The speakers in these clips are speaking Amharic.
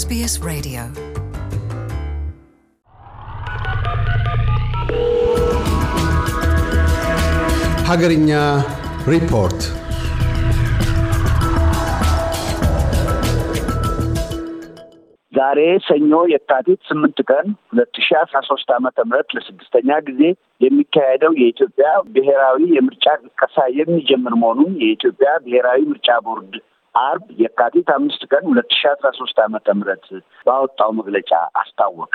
SBS Radio. ሀገርኛ ሪፖርት ዛሬ ሰኞ የካቲት ስምንት ቀን ሁለት ሺ አስራ ሶስት ዓመተ ምህረት ለስድስተኛ ጊዜ የሚካሄደው የኢትዮጵያ ብሔራዊ የምርጫ ቅስቀሳ የሚጀምር መሆኑን የኢትዮጵያ ብሔራዊ ምርጫ ቦርድ አርብ የካቲት አምስት ቀን ሁለት ሺ አስራ ሶስት ዓመተ ምህረት ባወጣው መግለጫ አስታወቀ።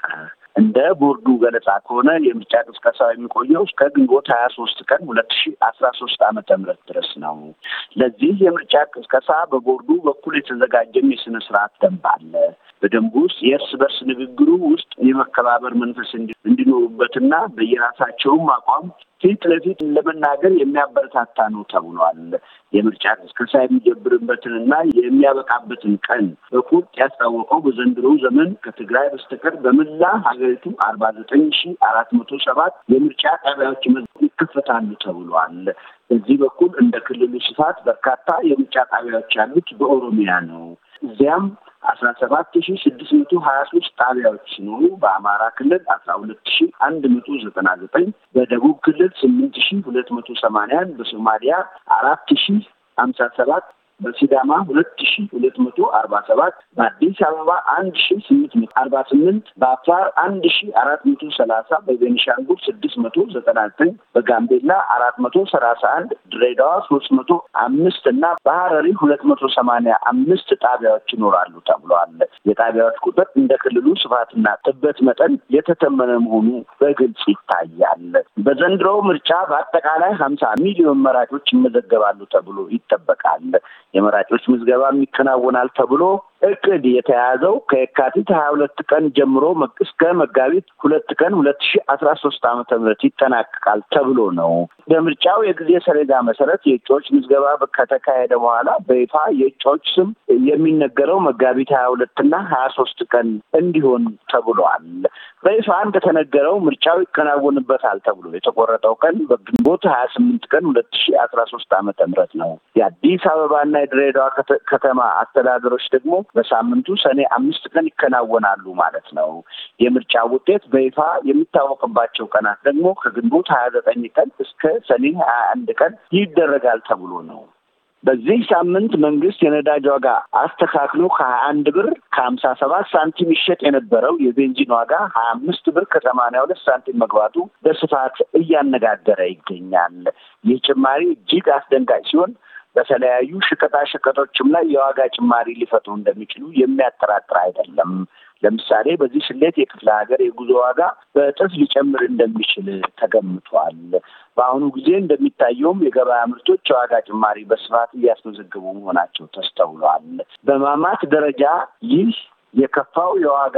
እንደ ቦርዱ ገለጻ ከሆነ የምርጫ ቅስቀሳ የሚቆየው እስከ ግንቦት ሀያ ሶስት ቀን ሁለት ሺ አስራ ሶስት ዓመተ ምህረት ድረስ ነው። ለዚህ የምርጫ ቅስቀሳ በቦርዱ በኩል የተዘጋጀም የስነ ስርዓት ደንብ አለ። በደንቡ ውስጥ የእርስ በርስ ንግግሩ ውስጥ የመከባበር መንፈስ እንዲኖሩበትና በየራሳቸውም አቋም ፊት ለፊት ለመናገር የሚያበረታታ ነው ተብሏል። የምርጫ ቅስቀሳ የሚጀብርበትንና የሚያበቃበትን ቀን በቁርጥ ያስታወቀው በዘንድሮው ዘመን ከትግራይ በስተቀር በመላ ሀገሪቱ አርባ ዘጠኝ ሺ አራት መቶ ሰባት የምርጫ ጣቢያዎች ይከፈታሉ ተብሏል። በዚህ በኩል እንደ ክልሉ ስፋት በርካታ የምርጫ ጣቢያዎች ያሉት በኦሮሚያ ነው። እዚያም አስራ ሰባት ሺ ስድስት መቶ ሀያ ሶስት ጣቢያዎች ሲኖሩ በአማራ ክልል አስራ ሁለት ሺ አንድ መቶ ዘጠና ዘጠኝ በደቡብ ክልል ስምንት ሺ ሁለት መቶ ሰማኒያ በሶማሊያ አራት ሺ ሀምሳ ሰባት በሲዳማ ሁለት ሺ ሁለት መቶ አርባ ሰባት በአዲስ አበባ አንድ ሺ ስምንት መቶ አርባ ስምንት በአፋር አንድ ሺ አራት መቶ ሰላሳ በቤኒሻንጉል ስድስት መቶ ዘጠና ዘጠኝ በጋምቤላ አራት መቶ ሰላሳ አንድ ድሬዳዋ ሶስት መቶ አምስት እና በሀረሪ ሁለት መቶ ሰማኒያ አምስት ጣቢያዎች ይኖራሉ ተብሏል። የጣቢያዎች ቁጥር እንደ ክልሉ ስፋትና ጥበት መጠን የተተመነ መሆኑ በግልጽ ይታያል። በዘንድሮ ምርጫ በአጠቃላይ ሀምሳ ሚሊዮን መራጮች ይመዘገባሉ ተብሎ ይጠበቃል። የመራጮች ምዝገባም ይከናወናል ተብሎ እቅድ የተያዘው ከየካቲት ሀያ ሁለት ቀን ጀምሮ እስከ መጋቢት ሁለት ቀን ሁለት ሺ አስራ ሶስት አመተ ምህረት ይጠናቀቃል ተብሎ ነው። በምርጫው የጊዜ ሰሌዳ መሰረት የእጩዎች ምዝገባ ከተካሄደ በኋላ በይፋ የእጩዎች ስም የሚነገረው መጋቢት ሀያ ሁለት ሁለትና ሀያ ሶስት ቀን እንዲሆን ተብሏል። በይፋ እንደተነገረው ምርጫው ይከናወንበታል ተብሎ የተቆረጠው ቀን በግንቦት ሀያ ስምንት ቀን ሁለት ሺ አስራ ሶስት አመተ ምህረት ነው። የአዲስ አበባና የድሬዳዋ ከተማ አስተዳደሮች ደግሞ በሳምንቱ ሰኔ አምስት ቀን ይከናወናሉ ማለት ነው። የምርጫ ውጤት በይፋ የሚታወቅባቸው ቀናት ደግሞ ከግንቦት ሀያ ዘጠኝ ቀን እስከ ሰኔ ሀያ አንድ ቀን ይደረጋል ተብሎ ነው። በዚህ ሳምንት መንግስት የነዳጅ ዋጋ አስተካክሎ ከሀያ አንድ ብር ከሀምሳ ሰባት ሳንቲም ይሸጥ የነበረው የቤንዚን ዋጋ ሀያ አምስት ብር ከሰማንያ ሁለት ሳንቲም መግባቱ በስፋት እያነጋገረ ይገኛል። ይህ ጭማሪ እጅግ አስደንጋጭ ሲሆን በተለያዩ ሸቀጣሸቀጦችም ላይ የዋጋ ጭማሪ ሊፈጥሩ እንደሚችሉ የሚያጠራጥር አይደለም። ለምሳሌ በዚህ ስሌት የክፍለ ሀገር የጉዞ ዋጋ በእጥፍ ሊጨምር እንደሚችል ተገምቷል። በአሁኑ ጊዜ እንደሚታየውም የገበያ ምርቶች የዋጋ ጭማሪ በስፋት እያስመዘገቡ መሆናቸው ተስተውሏል። በማማት ደረጃ ይህ የከፋው የዋጋ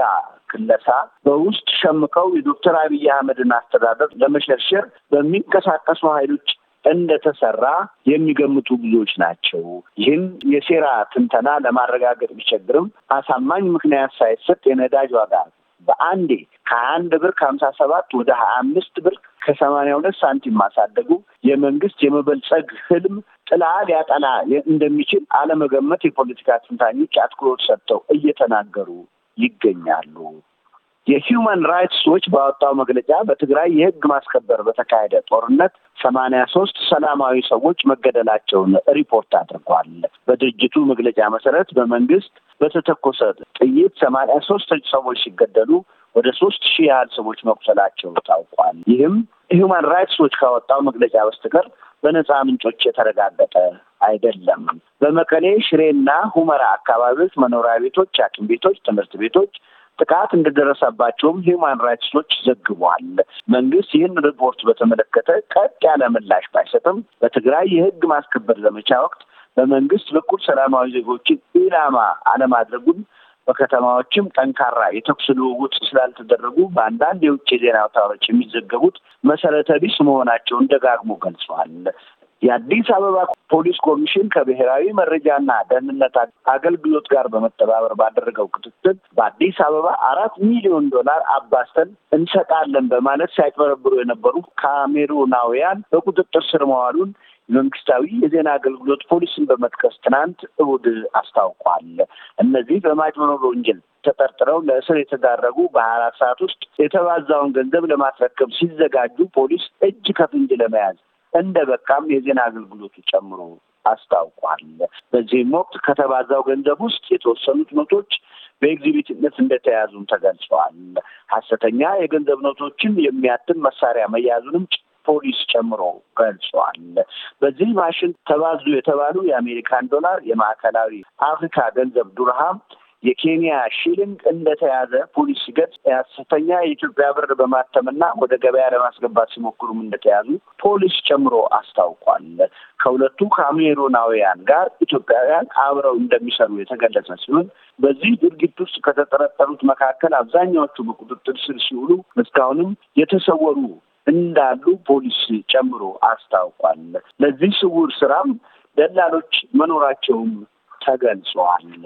ክለሳ በውስጥ ሸምቀው የዶክተር አብይ አህመድን አስተዳደር ለመሸርሸር በሚንቀሳቀሱ ኃይሎች እንደተሰራ የሚገምቱ ብዙዎች ናቸው። ይህም የሴራ ትንተና ለማረጋገጥ ቢቸግርም አሳማኝ ምክንያት ሳይሰጥ የነዳጅ ዋጋ በአንዴ ከአንድ ብር ከሀምሳ ሰባት ወደ ሀያ አምስት ብር ከሰማንያ ሁለት ሳንቲም ማሳደጉ የመንግስት የመበልጸግ ህልም ጥላ ሊያጠላ እንደሚችል አለመገመት የፖለቲካ ትንታኞች አትኩሮት ሰጥተው እየተናገሩ ይገኛሉ። የሂዩማን ራይትስ ዎች ባወጣው መግለጫ በትግራይ የህግ ማስከበር በተካሄደ ጦርነት ሰማኒያ ሶስት ሰላማዊ ሰዎች መገደላቸውን ሪፖርት አድርጓል። በድርጅቱ መግለጫ መሰረት በመንግስት በተተኮሰ ጥይት ሰማኒያ ሶስት ሰዎች ሲገደሉ ወደ ሶስት ሺህ ያህል ሰዎች መቁሰላቸው ታውቋል። ይህም ሂዩማን ራይትስ ዎች ካወጣው መግለጫ በስተቀር በነፃ ምንጮች የተረጋገጠ አይደለም። በመቀሌ ሽሬና ሁመራ አካባቢዎች መኖሪያ ቤቶች፣ ሐኪም ቤቶች፣ ትምህርት ቤቶች ጥቃት እንደደረሰባቸውም ሂውማን ራይትስ ዎች ዘግቧል። መንግስት ይህን ሪፖርት በተመለከተ ቀጥ ያለ ምላሽ ባይሰጥም በትግራይ የህግ ማስከበር ዘመቻ ወቅት በመንግስት በኩል ሰላማዊ ዜጎችን ኢላማ አለማድረጉን በከተማዎችም ጠንካራ የተኩስ ልውውጥ ስላልተደረጉ በአንዳንድ የውጭ የዜና አውታሮች የሚዘገቡት መሰረተ ቢስ መሆናቸውን ደጋግሞ ገልጸዋል። የአዲስ አበባ ፖሊስ ኮሚሽን ከብሔራዊ መረጃና ደህንነት አገልግሎት ጋር በመተባበር ባደረገው ክትትል በአዲስ አበባ አራት ሚሊዮን ዶላር አባስተን እንሰጣለን በማለት ሲያጭበረብሩ የነበሩ ካሜሩናውያን በቁጥጥር ስር መዋሉን መንግስታዊ የዜና አገልግሎት ፖሊስን በመጥቀስ ትናንት እሁድ አስታውቋል። እነዚህ በማጭበርበር ወንጀል ተጠርጥረው ለእስር የተዳረጉ በአራት ሰዓት ውስጥ የተባዛውን ገንዘብ ለማስረከብ ሲዘጋጁ ፖሊስ እጅ ከፍንጅ ለመያዝ እንደ በቃም የዜና አገልግሎቱ ጨምሮ አስታውቋል። በዚህም ወቅት ከተባዛው ገንዘብ ውስጥ የተወሰኑት ኖቶች በኤግዚቢትነት እንደተያዙም ተገልጸዋል። ሀሰተኛ የገንዘብ ኖቶችን የሚያትም መሳሪያ መያዙንም ፖሊስ ጨምሮ ገልጿል። በዚህ ማሽን ተባዙ የተባሉ የአሜሪካን ዶላር፣ የማዕከላዊ አፍሪካ ገንዘብ ዱርሃም የኬንያ ሺሊንግ እንደተያዘ ፖሊስ ሲገልጽ ሐሰተኛ የኢትዮጵያ ብር በማተምና ወደ ገበያ ለማስገባት ሲሞክሩም እንደተያዙ ፖሊስ ጨምሮ አስታውቋል። ከሁለቱ ካሜሩናውያን ጋር ኢትዮጵያውያን አብረው እንደሚሰሩ የተገለጸ ሲሆን በዚህ ድርጊት ውስጥ ከተጠረጠሩት መካከል አብዛኛዎቹ በቁጥጥር ስር ሲውሉ እስካሁንም የተሰወሩ እንዳሉ ፖሊስ ጨምሮ አስታውቋል። ለዚህ ስውር ስራም ደላሎች መኖራቸውም ተገልጿል።